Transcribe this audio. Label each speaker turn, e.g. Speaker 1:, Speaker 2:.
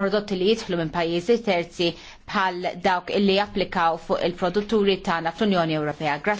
Speaker 1: prodotti li jidħlu minn pajjiżi terzi bħal dawk illi japplikaw fuq il-produtturi tagħna fl-Unjoni Ewropea.